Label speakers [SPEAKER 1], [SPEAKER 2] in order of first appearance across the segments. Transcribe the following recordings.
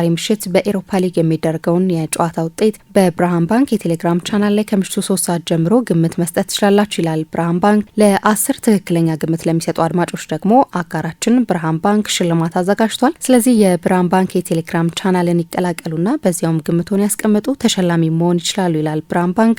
[SPEAKER 1] ዛሬ ምሽት በኤሮፓ ሊግ የሚደረገውን የጨዋታ ውጤት በብርሃን ባንክ የቴሌግራም ቻናል ላይ ከምሽቱ ሶስት ሰዓት ጀምሮ ግምት መስጠት ትችላላችሁ ይላል ብርሃን ባንክ። ለአስር ትክክለኛ ግምት ለሚሰጡ አድማጮች ደግሞ አጋራችን ብርሃን ባንክ ሽልማት አዘጋጅቷል። ስለዚህ የብርሃን ባንክ የቴሌግራም ቻናልን ይቀላቀሉና በዚያውም ግምቶን ያስቀምጡ፣ ተሸላሚ መሆን ይችላሉ ይላል ብርሃን ባንክ።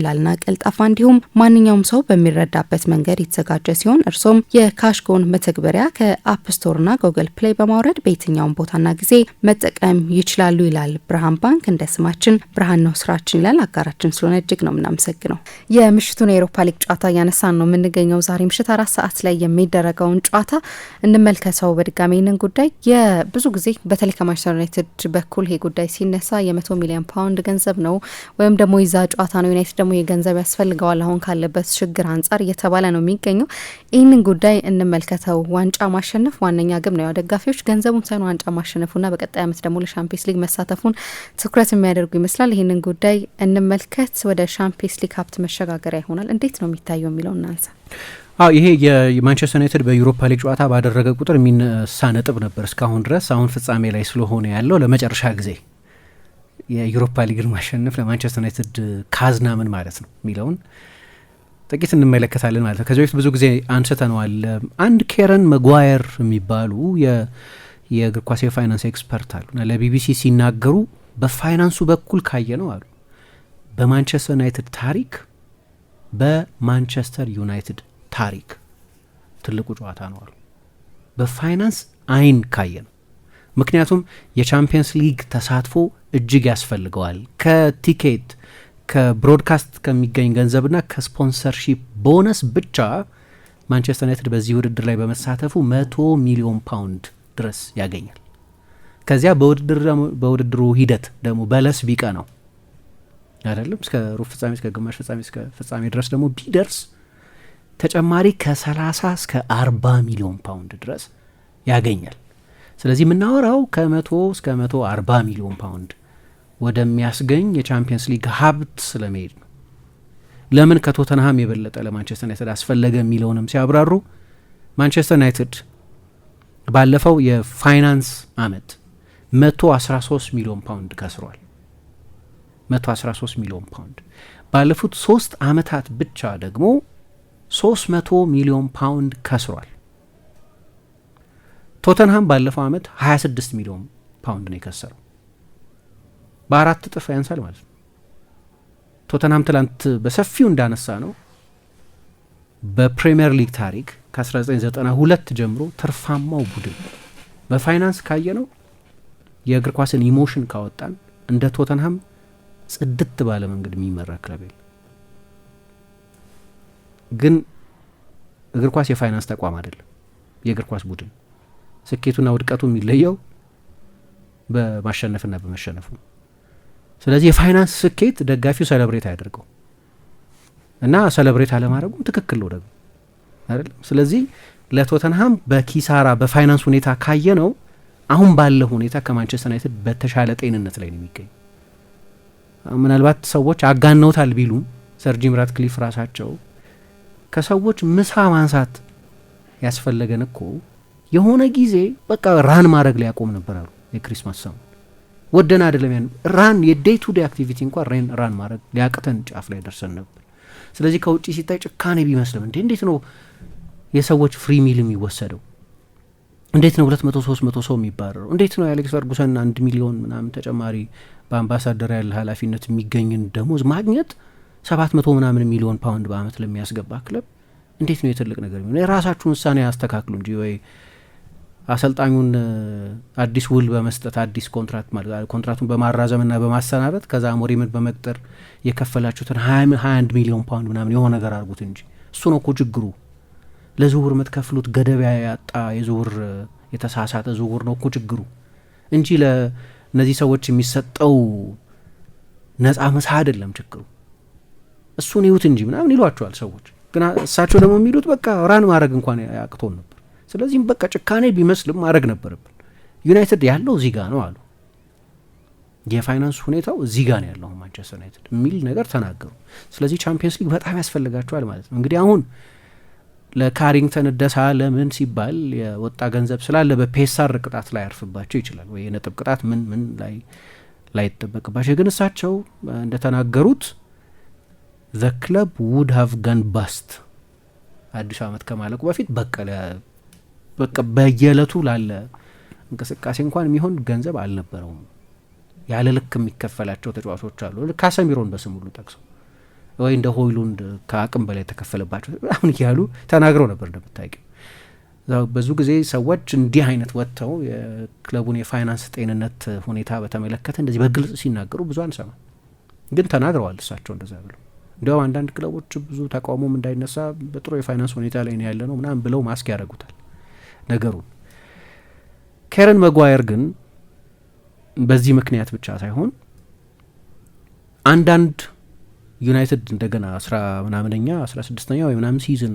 [SPEAKER 1] ቀላልና ቀልጣፋ እንዲሁም ማንኛውም ሰው በሚረዳበት መንገድ የተዘጋጀ ሲሆን እርሶም የካሽጎን መተግበሪያ ከአፕ ስቶርና ጎግል ፕሌይ በማውረድ በየትኛውም ቦታና ጊዜ መጠቀም ይችላሉ ይላል ብርሃን ባንክ። እንደ ስማችን ብርሃን ነው ስራችን ይላል። አጋራችን ስለሆነ እጅግ ነው የምናመሰግነው። የምሽቱን የአውሮፓ ሊግ ጨዋታ እያነሳን ነው የምንገኘው። ዛሬ ምሽት አራት ሰዓት ላይ የሚደረገውን ጨዋታ እንመልከተው በድጋሚ ይህንን ጉዳይ የብዙ ጊዜ በተለይ ከማንቸስተር ዩናይትድ በኩል ይሄ ጉዳይ ሲነሳ የመቶ ሚሊዮን ፓውንድ ገንዘብ ነው ወይም ደግሞ ይዛ ጨዋታ ነው ዩናይትድ ደግሞ ደግሞ ገንዘብ ያስፈልገዋል አሁን ካለበት ችግር አንጻር እየተባለ ነው የሚገኘው። ይህንን ጉዳይ እንመልከተው። ዋንጫ ማሸነፍ ዋነኛ ግብ ነው። ያው ደጋፊዎች ገንዘቡን ሳይሆን ዋንጫ ማሸነፉና በቀጣይ ዓመት ደግሞ ለሻምፒየንስ ሊግ መሳተፉን ትኩረት የሚያደርጉ ይመስላል። ይህንን ጉዳይ እንመልከት። ወደ ሻምፒየንስ ሊግ ሀብት መሸጋገሪያ ይሆናል። እንዴት ነው የሚታየው የሚለው እናንሳ።
[SPEAKER 2] አዎ ይሄ የማንቸስተር ዩናይትድ በዩሮፓ ሊግ ጨዋታ ባደረገ ቁጥር የሚነሳ ነጥብ ነበር እስካሁን ድረስ። አሁን ፍጻሜ ላይ ስለሆነ ያለው ለመጨረሻ ጊዜ የዩሮፓ ሊግን ማሸነፍ ለማንቸስተር ዩናይትድ ካዝና ምን ማለት ነው የሚለውን ጥቂት እንመለከታለን ማለት ነው። ከዚህ በፊት ብዙ ጊዜ አንስተነዋል። አንድ ኬረን መጓየር የሚባሉ የእግር ኳስ የፋይናንስ ኤክስፐርት አሉና ለቢቢሲ ሲናገሩ በፋይናንሱ በኩል ካየ ነው አሉ በማንቸስተር ዩናይትድ ታሪክ በማንቸስተር ዩናይትድ ታሪክ ትልቁ ጨዋታ ነው አሉ በፋይናንስ አይን ካየ ነው። ምክንያቱም የቻምፒየንስ ሊግ ተሳትፎ እጅግ ያስፈልገዋል። ከቲኬት ከብሮድካስት ከሚገኝ ገንዘብና ከስፖንሰርሺፕ ቦነስ ብቻ ማንቸስተር ዩናይትድ በዚህ ውድድር ላይ በመሳተፉ መቶ ሚሊዮን ፓውንድ ድረስ ያገኛል። ከዚያ በውድድሩ ሂደት ደግሞ በለስ ቢቀ ነው አይደለም እስከ ሩብ ፍጻሜ እስከ ግማሽ ፍጻሜ እስከ ፍጻሜ ድረስ ደግሞ ቢደርስ ተጨማሪ ከ30 እስከ 40 ሚሊዮን ፓውንድ ድረስ ያገኛል። ስለዚህ የምናወራው ከ100 እስከ 140 ሚሊዮን ፓውንድ ወደሚያስገኝ የቻምፒየንስ ሊግ ሀብት ስለመሄድ ነው። ለምን ከቶተንሃም የበለጠ ለማንቸስተር ዩናይትድ አስፈለገ የሚለውንም ሲያብራሩ ማንቸስተር ዩናይትድ ባለፈው የፋይናንስ አመት 113 ሚሊዮን ፓውንድ ከስሯል። 113 ሚሊዮን ፓውንድ ባለፉት ሶስት አመታት ብቻ ደግሞ 300 ሚሊዮን ፓውንድ ከስሯል። ቶተንሃም ባለፈው አመት 26 ሚሊዮን ፓውንድ ነው የከሰረው። በአራት እጥፍ ያንሳል ማለት ነው። ቶተናም ትላንት በሰፊው እንዳነሳ ነው በፕሪምየር ሊግ ታሪክ ከ1992 ጀምሮ ትርፋማው ቡድን በፋይናንስ ካየ ነው የእግር ኳስን ኢሞሽን ካወጣን እንደ ቶተንሃም ጽድት ባለ መንገድ የሚመራ ክለብ የለ። ግን እግር ኳስ የፋይናንስ ተቋም አይደለም። የእግር ኳስ ቡድን ስኬቱና ውድቀቱ የሚለየው በማሸነፍና በመሸነፉ ነው። ስለዚህ የፋይናንስ ስኬት ደጋፊው ሰለብሬት አያደርገው እና ሰለብሬት አለማድረጉም ትክክል ነው ደግሞ አይደለም። ስለዚህ ለቶተንሃም በኪሳራ በፋይናንስ ሁኔታ ካየ ነው አሁን ባለው ሁኔታ ከማንቸስተር ዩናይትድ በተሻለ ጤንነት ላይ ነው የሚገኝ። ምናልባት ሰዎች አጋነውታል ቢሉም ሰር ጂም ራትክሊፍ ራሳቸው ከሰዎች ምሳ ማንሳት ያስፈለገን እኮ የሆነ ጊዜ በቃ ራን ማድረግ ላይ ያቆም ነበር አሉ የክሪስማስ ሰሙ ወደን አይደለም። ያን ራን የዴይ ቱ ዴይ አክቲቪቲ እንኳ ሬን ራን ማድረግ ሊያቅተን ጫፍ ላይ ደርሰን ነበር። ስለዚህ ከውጭ ሲታይ ጭካኔ ቢመስልም እንዴ እንዴት ነው የሰዎች ፍሪ ሚል የሚወሰደው? እንዴት ነው ሁለት መቶ ሶስት መቶ ሰው የሚባረረው? እንዴት ነው የአሌክስ ፈርጉሰን አንድ ሚሊዮን ምናምን ተጨማሪ በአምባሳደር ያለ ኃላፊነት የሚገኝን ደሞዝ ማግኘት ሰባት መቶ ምናምን ሚሊዮን ፓውንድ በአመት ለሚያስገባ ክለብ እንዴት ነው የትልቅ ነገር የሚሆነ? የራሳችሁን ውሳኔ ያስተካክሉ እንጂ ወይ አሰልጣኙን አዲስ ውል በመስጠት አዲስ ኮንትራት ኮንትራቱን በማራዘምና በማሰናበት ከዛ ሞሪምን በመቅጠር የከፈላችሁትን ሀያ አንድ ሚሊዮን ፓውንድ ምናምን የሆነ ነገር አድርጉት እንጂ እሱ ነው እኮ ችግሩ። ለዝውውር የምትከፍሉት ገደብ ያጣ የዝውውር የተሳሳተ ዝውውር ነው እኮ ችግሩ እንጂ ለእነዚህ ሰዎች የሚሰጠው ነጻ መሳ አይደለም ችግሩ። እሱን ይሁት እንጂ ምናምን ይሏቸዋል ሰዎች። ግን እሳቸው ደግሞ የሚሉት በቃ ራን ማድረግ እንኳን ያቅቶን ነበር ስለዚህም በቃ ጭካኔ ቢመስልም ማድረግ ነበረብን። ዩናይትድ ያለው እዚህ ጋ ነው አሉ። የፋይናንስ ሁኔታው እዚህ ጋ ነው ያለው ማንቸስተር ዩናይትድ የሚል ነገር ተናገሩ። ስለዚህ ቻምፒየንስ ሊግ በጣም ያስፈልጋቸዋል ማለት ነው። እንግዲህ አሁን ለካሪንግተን እደሳ ለምን ሲባል የወጣ ገንዘብ ስላለ በፔሳር ቅጣት ላይ ያርፍባቸው ይችላል ወይ የነጥብ ቅጣት ምን ምን ላይ ላይ ይጠበቅባቸው። ግን እሳቸው እንደተናገሩት ዘ ክለብ ውድ ሀቭ ገን ባስት አዲሱ ዓመት ከማለቁ በፊት በቀለ በቃ በየዕለቱ ላለ እንቅስቃሴ እንኳን የሚሆን ገንዘብ አልነበረውም። ያለ ልክ የሚከፈላቸው ተጫዋቾች አሉ። ካሰሚሮን በስም ሁሉ ጠቅሰው ወይ እንደ ሆይሉንድ ከአቅም በላይ የተከፈለባቸው አሁን እያሉ ተናግረው ነበር። እንደምታውቂው ብዙ ጊዜ ሰዎች እንዲህ አይነት ወጥተው የክለቡን የፋይናንስ ጤንነት ሁኔታ በተመለከተ እንደዚህ በግልጽ ሲናገሩ ብዙ አንሰማ፣ ግን ተናግረዋል። እሳቸው እንደዛ ብለው እንዲያውም አንዳንድ ክለቦች ብዙ ተቃውሞም እንዳይነሳ በጥሩ የፋይናንስ ሁኔታ ላይ ነው ያለ ነው ምናምን ብለው ማስክ ያደረጉታል። ነገሩን። ኬረን መጓየር ግን በዚህ ምክንያት ብቻ ሳይሆን አንዳንድ ዩናይትድ እንደገና አስራ ምናምነኛ አስራ ስድስተኛ ወይ ምናምን ሲዝን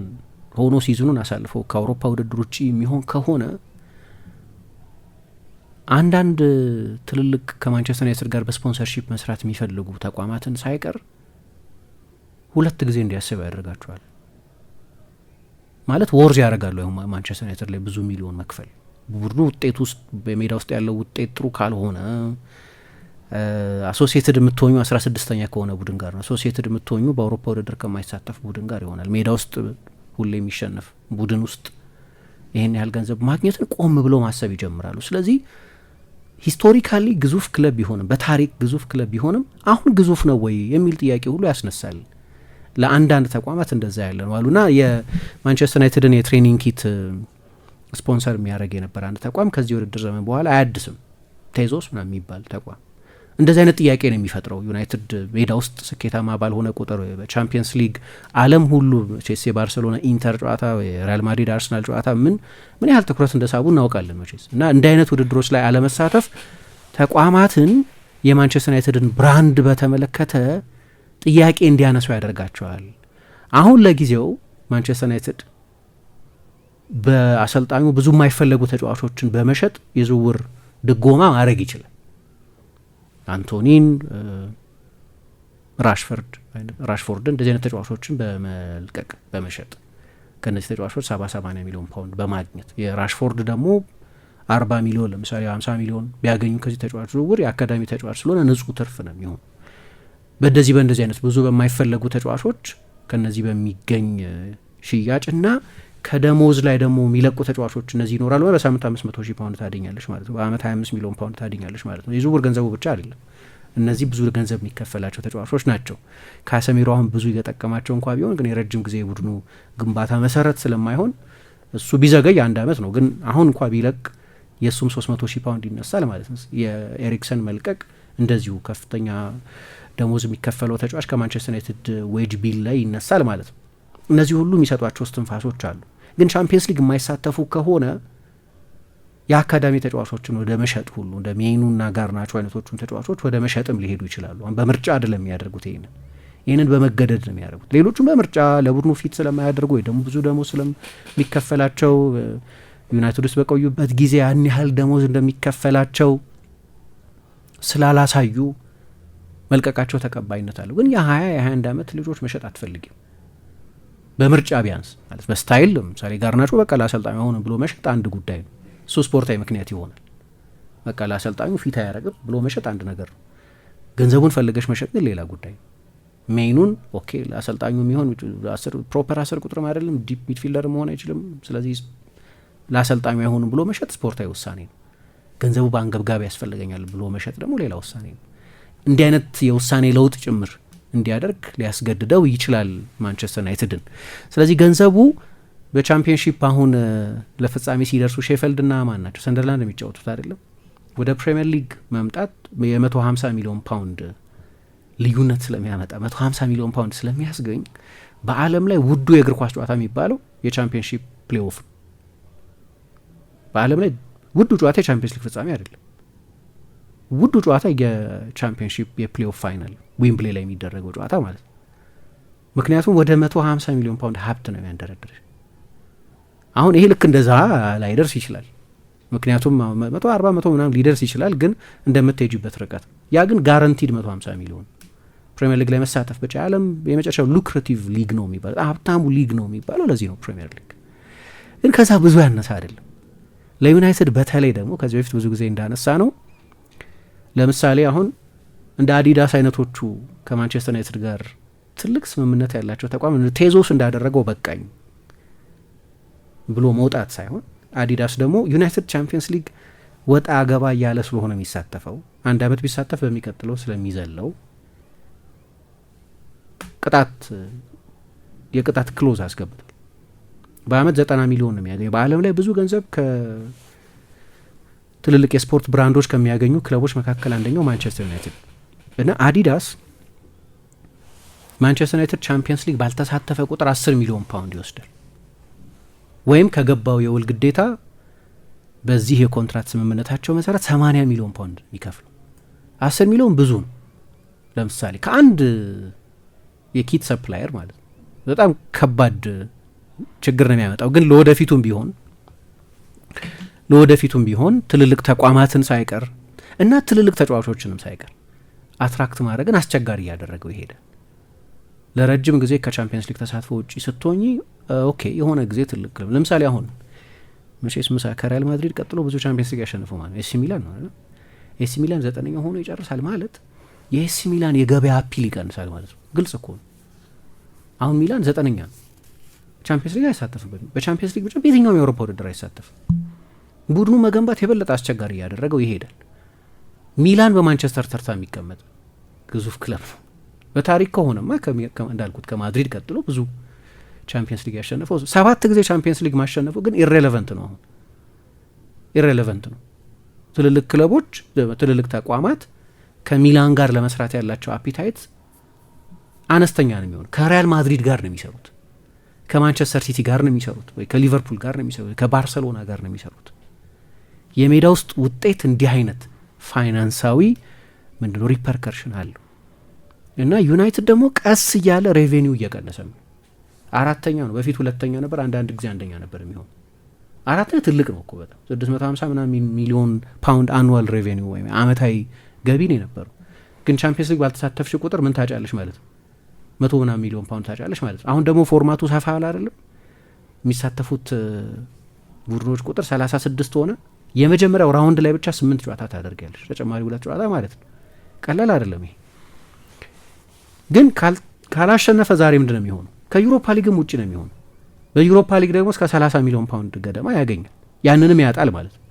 [SPEAKER 2] ሆኖ ሲዝኑን አሳልፎ ከአውሮፓ ውድድር ውጭ የሚሆን ከሆነ አንዳንድ ትልልቅ ከማንቸስተር ዩናይትድ ጋር በስፖንሰርሺፕ መስራት የሚፈልጉ ተቋማትን ሳይቀር ሁለት ጊዜ እንዲያስብ ያደርጋቸዋል። ማለት ወርዝ ያደርጋሉ። አሁን ማንቸስተር ዩናይትድ ላይ ብዙ ሚሊዮን መክፈል ቡድኑ ውጤት ውስጥ በሜዳ ውስጥ ያለው ውጤት ጥሩ ካልሆነ አሶሲየትድ የምትሆኙ አስራ ስድስተኛ ከሆነ ቡድን ጋር ነው። አሶሲየትድ የምትሆኙ በአውሮፓ ውድድር ከማይሳተፍ ቡድን ጋር ይሆናል። ሜዳ ውስጥ ሁሌ የሚሸነፍ ቡድን ውስጥ ይህን ያህል ገንዘብ ማግኘትን ቆም ብሎ ማሰብ ይጀምራሉ። ስለዚህ ሂስቶሪካሊ ግዙፍ ክለብ ቢሆንም በታሪክ ግዙፍ ክለብ ቢሆንም አሁን ግዙፍ ነው ወይ የሚል ጥያቄ ሁሉ ያስነሳል። ለአንዳንድ ተቋማት እንደዛ ያለ ነው አሉና የማንቸስተር ዩናይትድን የትሬኒንግ ኪት ስፖንሰር የሚያደርግ የነበረ አንድ ተቋም ከዚህ ውድድር ዘመን በኋላ አያድስም። ቴዞስ ምናምን የሚባል ተቋም እንደዚህ አይነት ጥያቄ ነው የሚፈጥረው። ዩናይትድ ሜዳ ውስጥ ስኬታማ ባልሆነ ቁጥር በቻምፒየንስ ሊግ ዓለም ሁሉ መቼስ የባርሴሎና ኢንተር ጨዋታ፣ የሪያል ማድሪድ አርሰናል ጨዋታ ምን ምን ያህል ትኩረት እንደሳቡ እናውቃለን መቼስ እና እንደ አይነት ውድድሮች ላይ አለመሳተፍ ተቋማትን የማንቸስተር ዩናይትድን ብራንድ በተመለከተ ጥያቄ እንዲያነሱ ያደርጋቸዋል። አሁን ለጊዜው ማንቸስተር ዩናይትድ በአሰልጣኙ ብዙ የማይፈለጉ ተጫዋቾችን በመሸጥ የዝውውር ድጎማ ማድረግ ይችላል። አንቶኒን፣ ራሽፈርድ ራሽፎርድን እንደዚህ አይነት ተጫዋቾችን በመልቀቅ በመሸጥ ከእነዚህ ተጫዋቾች ሰባ ሰማኒያ ሚሊዮን ፓውንድ በማግኘት የራሽፎርድ ደግሞ አርባ ሚሊዮን ለምሳሌ ሀምሳ ሚሊዮን ቢያገኙ ከዚህ ተጫዋች ዝውውር የአካዳሚ ተጫዋች ስለሆነ ንጹህ ትርፍ ነው የሚሆን በእንደዚህ በእንደዚህ አይነት ብዙ በማይፈለጉ ተጫዋቾች ከነዚህ በሚገኝ ሽያጭ እና ከደሞዝ ላይ ደግሞ የሚለቁ ተጫዋቾች እነዚህ ይኖራሉ። በሳምንት አምስት መቶ ሺህ ፓውንድ ታደኛለች ማለት ነው። በአመት ሀያ አምስት ሚሊዮን ፓውንድ ታደኛለች ማለት ነው። የዝውውር ገንዘቡ ብቻ አይደለም። እነዚህ ብዙ ገንዘብ የሚከፈላቸው ተጫዋቾች ናቸው። ካሰሜሮ አሁን ብዙ እየጠቀማቸው እንኳ ቢሆን ግን የረጅም ጊዜ የቡድኑ ግንባታ መሰረት ስለማይሆን እሱ ቢዘገይ አንድ አመት ነው። ግን አሁን እንኳ ቢለቅ የእሱም ሶስት መቶ ሺህ ፓውንድ ይነሳል ማለት ነው። የኤሪክሰን መልቀቅ እንደዚሁ ከፍተኛ ደሞዝ የሚከፈለው ተጫዋች ከማንቸስተር ዩናይትድ ዌጅ ቢል ላይ ይነሳል ማለት ነው። እነዚህ ሁሉ የሚሰጧቸው እስትንፋሶች አሉ። ግን ቻምፒየንስ ሊግ የማይሳተፉ ከሆነ የአካዳሚ ተጫዋቾችን ወደ መሸጥ ሁሉ እንደ ሜኑና ጋርናቾ አይነቶቹን ተጫዋቾች ወደ መሸጥም ሊሄዱ ይችላሉ። በምርጫ አይደለም የሚያደርጉት ይህንን ይህንን በመገደድ ነው የሚያደርጉት። ሌሎቹም በምርጫ ለቡድኑ ፊት ስለማያደርጉ ወይ ደግሞ ብዙ ደሞዝ ስለሚከፈላቸው ዩናይትድ ውስጥ በቆዩበት ጊዜ ያን ያህል ደሞዝ እንደሚከፈላቸው ስላላሳዩ መልቀቃቸው ተቀባይነት አለው። ግን የ 2 የ21 ዓመት ልጆች መሸጥ አትፈልጊም። በምርጫ ቢያንስ ማለት በስታይል ለምሳሌ ጋርናቾ በቃ ለአሰልጣኙ አሁን ብሎ መሸጥ አንድ ጉዳይ ነው። እሱ ስፖርታዊ ምክንያት ይሆናል። በቃ ለአሰልጣኙ ፊት አያረግም ብሎ መሸጥ አንድ ነገር ነው። ገንዘቡን ፈልገሽ መሸጥ ግን ሌላ ጉዳይ ነው። ሜይኑን ኦኬ ለአሰልጣኙ የሚሆን ፕሮፐር አስር ቁጥርም አይደለም፣ ዲፕ ሚድፊልደር መሆን አይችልም። ስለዚህ ለአሰልጣኙ አይሆንም ብሎ መሸጥ ስፖርታዊ ውሳኔ ነው። ገንዘቡ በአንገብጋቢ ያስፈልገኛል ብሎ መሸጥ ደግሞ ሌላ ውሳኔ ነው። እንዲህ አይነት የውሳኔ ለውጥ ጭምር እንዲያደርግ ሊያስገድደው ይችላል ማንቸስተር ዩናይትድን። ስለዚህ ገንዘቡ በቻምፒዮንሺፕ አሁን ለፍጻሜ ሲደርሱ ና ማን ናቸው ሰንደርላንድ የሚጫወቱት አይደለም ወደ ፕሪምየር ሊግ መምጣት የ150 ሚሊዮን ፓውንድ ልዩነት ስለሚያመጣ 150 ሚሊዮን ፓውንድ ስለሚያስገኝ በዓለም ላይ ውዱ የእግር ኳስ ጨዋታ የሚባለው የቻምፒዮንሺፕ ፕሌኦፍ ነው። በዓለም ላይ ውዱ ጨዋታ የቻምፒዮንስ ሊግ ፍጻሜ አይደለም። ውዱ ጨዋታ የቻምፒዮንሺፕ የፕሌኦፍ ፋይናል ዊምብሌ ላይ የሚደረገው ጨዋታ ማለት ነው። ምክንያቱም ወደ መቶ ሀምሳ ሚሊዮን ፓውንድ ሀብት ነው የሚያንደረድር። አሁን ይሄ ልክ እንደዛ ላይደርስ ይችላል። ምክንያቱም መቶ አርባ መቶ ምናምን ሊደርስ ይችላል፣ ግን እንደምትሄጅበት ርቀት ያ ግን ጋረንቲድ መቶ ሀምሳ ሚሊዮን ፕሪሚየር ሊግ ላይ መሳተፍ ብቻ የዓለም የመጨረሻው ሉክሬቲቭ ሊግ ነው የሚባለው ሀብታሙ ሊግ ነው የሚባለው ለዚህ ነው ፕሪሚየር ሊግ። ግን ከዛ ብዙ ያነሳ አይደለም ለዩናይትድ በተለይ ደግሞ ከዚህ በፊት ብዙ ጊዜ እንዳነሳ ነው ለምሳሌ አሁን እንደ አዲዳስ አይነቶቹ ከማንቸስተር ዩናይትድ ጋር ትልቅ ስምምነት ያላቸው ተቋም ቴዞስ እንዳደረገው በቃኝ ብሎ መውጣት ሳይሆን አዲዳስ ደግሞ ዩናይትድ ቻምፒየንስ ሊግ ወጣ አገባ እያለ ስለሆነ የሚሳተፈው አንድ ዓመት ቢሳተፍ በሚቀጥለው ስለሚዘለው ቅጣት የቅጣት ክሎዝ አስገብቷል። በአመት ዘጠና ሚሊዮን ነው የሚያገኘው። በዓለም ላይ ብዙ ገንዘብ ትልልቅ የስፖርት ብራንዶች ከሚያገኙ ክለቦች መካከል አንደኛው ማንቸስተር ዩናይትድ እና አዲዳስ ማንቸስተር ዩናይትድ ቻምፒየንስ ሊግ ባልተሳተፈ ቁጥር አስር ሚሊዮን ፓውንድ ይወስዳል ወይም ከገባው የውል ግዴታ በዚህ የኮንትራት ስምምነታቸው መሰረት 80 ሚሊዮን ፓውንድ የሚከፍሉ አስር ሚሊዮን ብዙ ነው። ለምሳሌ ከአንድ የኪት ሰፕላየር ማለት ነው። በጣም ከባድ ችግር ነው የሚያመጣው። ግን ለወደፊቱም ቢሆን ለወደፊቱም ቢሆን ትልልቅ ተቋማትን ሳይቀር እና ትልልቅ ተጫዋቾችንም ሳይቀር አትራክት ማድረግን አስቸጋሪ እያደረገው ይሄደ። ለረጅም ጊዜ ከቻምፒየንስ ሊግ ተሳትፎ ውጪ ስትሆኚ ኦኬ የሆነ ጊዜ ትልቅ ክለብ ለምሳሌ አሁን መቼስ ምሳ ከሪያል ማድሪድ ቀጥሎ ብዙ ቻምፒየንስ ሊግ ያሸንፈው ማለት ኤሲ ሚላን ነው። ኤሲ ሚላን ዘጠነኛ ሆኖ ይጨርሳል ማለት የኤሲ ሚላን የገበያ አፒል ይቀንሳል ማለት ነው። ግልጽ እኮ ነው። አሁን ሚላን ዘጠነኛ ነው። ቻምፒየንስ ሊግ አይሳተፍበትም። በቻምፒየንስ ሊግ ብቻ በየትኛውም የአውሮፓ ውድድር አይሳተፍም። ቡድኑ መገንባት የበለጠ አስቸጋሪ እያደረገው ይሄዳል። ሚላን በማንቸስተር ተርታ የሚቀመጥ ግዙፍ ክለብ ነው። በታሪክ ከሆነማ እንዳልኩት ከማድሪድ ቀጥሎ ብዙ ቻምፒየንስ ሊግ ያሸነፈው ሰባት ጊዜ ቻምፒየንስ ሊግ ማሸነፈው ግን ኢሬሌቨንት ነው። አሁን ኢሬሌቨንት ነው። ትልልቅ ክለቦች፣ ትልልቅ ተቋማት ከሚላን ጋር ለመስራት ያላቸው አፒታይት አነስተኛ ነው የሚሆኑ። ከሪያል ማድሪድ ጋር ነው የሚሰሩት፣ ከማንቸስተር ሲቲ ጋር ነው የሚሰሩት፣ ወይ ከሊቨርፑል ጋር ነው የሚሰሩት፣ ከባርሰሎና ጋር ነው የሚሰሩት። የሜዳ ውስጥ ውጤት እንዲህ አይነት ፋይናንሳዊ ምንድነው ሪፐርከርሽን አለው እና ዩናይትድ ደግሞ ቀስ እያለ ሬቬኒው እየቀነሰ ነው። አራተኛ ነው። በፊት ሁለተኛ ነበር፣ አንዳንድ ጊዜ አንደኛ ነበር የሚሆን አራተኛ ትልቅ ነው እኮ በጣም 650 ምናምን ሚሊዮን ፓውንድ አኑዋል ሬቬኒው ወይም አመታዊ ገቢ ነው የነበረው። ግን ቻምፒየንስ ሊግ ባልተሳተፍሽ ቁጥር ምን ታጫለሽ ማለት ነው መቶ ምናምን ሚሊዮን ፓውንድ ታጫለሽ ማለት ነው። አሁን ደግሞ ፎርማቱ ሰፋ አለ አይደለም የሚሳተፉት ቡድኖች ቁጥር 36 ሆነ። የመጀመሪያው ራውንድ ላይ ብቻ ስምንት ጨዋታ ታደርጋለች፣ ተጨማሪ ሁለት ጨዋታ ማለት ነው። ቀላል አይደለም ይሄ። ግን ካላሸነፈ ዛሬ ምንድን ነው የሚሆኑ? ከዩሮፓ ሊግም ውጭ ነው የሚሆኑ። በዩሮፓ ሊግ ደግሞ እስከ 30 ሚሊዮን ፓውንድ ገደማ ያገኛል። ያንንም ያጣል ማለት ነው።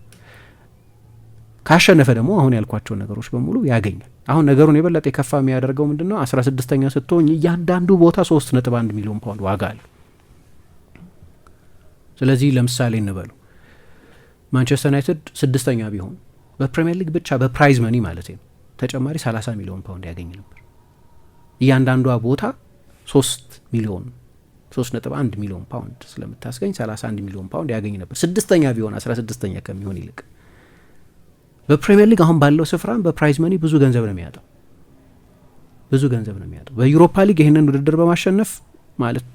[SPEAKER 2] ካሸነፈ ደግሞ አሁን ያልኳቸውን ነገሮች በሙሉ ያገኛል። አሁን ነገሩን የበለጠ የከፋ የሚያደርገው ምንድን ነው? 16ኛ ስትሆኝ እያንዳንዱ ቦታ ሶስት ነጥብ 1 ሚሊዮን ፓውንድ ዋጋ አለ። ስለዚህ ለምሳሌ እንበሉ ማንቸስተር ዩናይትድ ስድስተኛ ቢሆን በፕሪምየር ሊግ ብቻ በፕራይዝ መኒ ማለት ነው ተጨማሪ 30 ሚሊዮን ፓውንድ ያገኝ ነበር። እያንዳንዷ ቦታ 3 ሚሊዮን 3.1 ሚሊዮን ፓውንድ ስለምታስገኝ 31 ሚሊዮን ፓውንድ ያገኝ ነበር። ስድስተኛ ቢሆን 16 ተኛ ከሚሆን ይልቅ በፕሪምየር ሊግ አሁን ባለው ስፍራም በፕራይዝ መኒ ብዙ ገንዘብ ነው የሚያጠው ብዙ ገንዘብ ነው የሚያጠው። በዩሮፓ ሊግ ይህንን ውድድር በማሸነፍ ማለት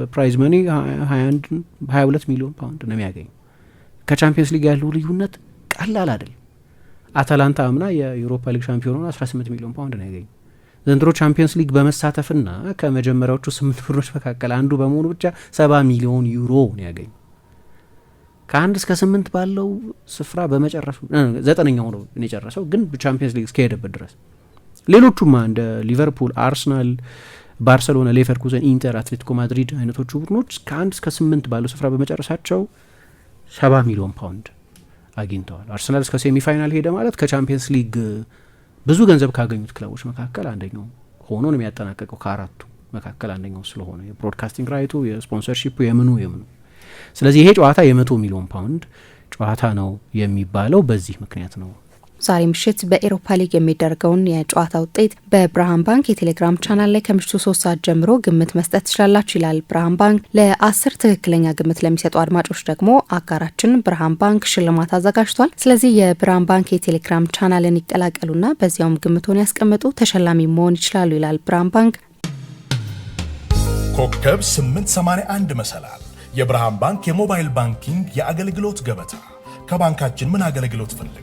[SPEAKER 2] በፕራይዝ መኒ 21 22 ሚሊዮን ፓውንድ ነው የሚያገኝ ከቻምፒየንስ ሊግ ያለው ልዩነት ቀላል አይደለም። አታላንታ አምና የዩሮፓ ሊግ ሻምፒዮን ሆኖ 18 ሚሊዮን ፓውንድ ነው ያገኙ። ዘንድሮ ቻምፒየንስ ሊግ በመሳተፍና ከመጀመሪያዎቹ ስምንት ቡድኖች መካከል አንዱ በመሆኑ ብቻ 70 ሚሊዮን ዩሮ ነው ያገኙ። ከአንድ እስከ ስምንት ባለው ስፍራ በመጨረሱ ዘጠነኛው ነው የጨረሰው፣ ግን ቻምፒየንስ ሊግ እስከሄደበት ድረስ ሌሎቹማ እንደ ሊቨርፑል፣ አርሰናል፣ ባርሰሎና፣ ሌቨርኩዘን፣ ኢንተር፣ አትሌቲኮ ማድሪድ አይነቶቹ ቡድኖች ከአንድ እስከ ስምንት ባለው ስፍራ በመጨረሳቸው ሰባ ሚሊዮን ፓውንድ አግኝተዋል። አርሰናል እስከ ሴሚፋይናል ሄደ ማለት ከቻምፒየንስ ሊግ ብዙ ገንዘብ ካገኙት ክለቦች መካከል አንደኛው ሆኖ ነው የሚያጠናቀቀው። ከአራቱ መካከል አንደኛው ስለሆነ የብሮድካስቲንግ ራይቱ፣ የስፖንሰርሺፑ፣ የምኑ የምኑ። ስለዚህ ይሄ ጨዋታ የመቶ ሚሊዮን ፓውንድ ጨዋታ ነው የሚባለው በዚህ ምክንያት ነው።
[SPEAKER 1] ዛሬ ምሽት በኤሮፓ ሊግ የሚደረገውን የጨዋታ ውጤት በብርሃን ባንክ የቴሌግራም ቻናል ላይ ከምሽቱ ሶስት ሰዓት ጀምሮ ግምት መስጠት ትችላላችሁ ይላል ብርሃን ባንክ። ለአስር ትክክለኛ ግምት ለሚሰጡ አድማጮች ደግሞ አጋራችን ብርሃን ባንክ ሽልማት አዘጋጅቷል። ስለዚህ የብርሃን ባንክ የቴሌግራም ቻናልን ይቀላቀሉና በዚያውም ግምቶን ያስቀምጡ፣ ተሸላሚ መሆን ይችላሉ ይላል ብርሃን ባንክ።
[SPEAKER 3] ኮከብ 881 መሰላል የብርሃን ባንክ የሞባይል ባንኪንግ የአገልግሎት ገበታ። ከባንካችን ምን አገልግሎት ፈልጉ?